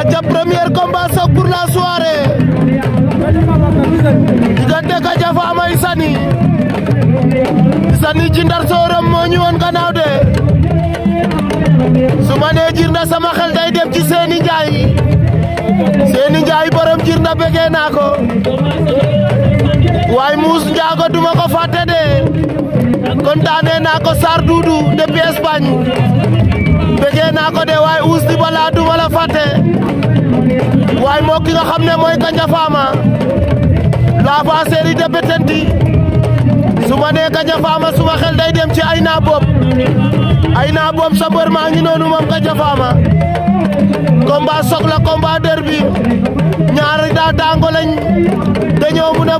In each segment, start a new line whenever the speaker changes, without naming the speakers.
aja premier combat sok pour la soirée ka jafa Fama Isani Isani jindar soram mo ñu won gannaaw de su ma jirna sama xel day dem ci Seni jaay Seni jaay borom jirna bëggee naa ko waaye muus njaago duma ko fàtte de kontane naa ko dudu de depuis Espagne bëggee naa ko de way uus di balaa duma la waaye moo ki nga xam ne mooy Gandia Fama l'avant série su ma nee Gandia su ma xel day dem ci ay naa boob ay naa boob sa mbër maa ngi noonu moom Gandia Fama combat soog la combat derby daa daango lañ dañoo mun a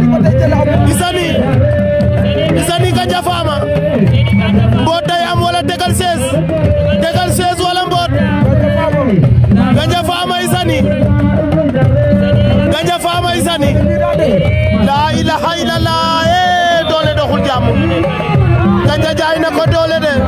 Isani Isani Gandia Fama mboot day am wala tegal sees tegal sees mboot Gandia Fama Isani Gandia Fama Isani laa ilaha illallah
eh, doole doxul jàmm Gandia jaay ko doole de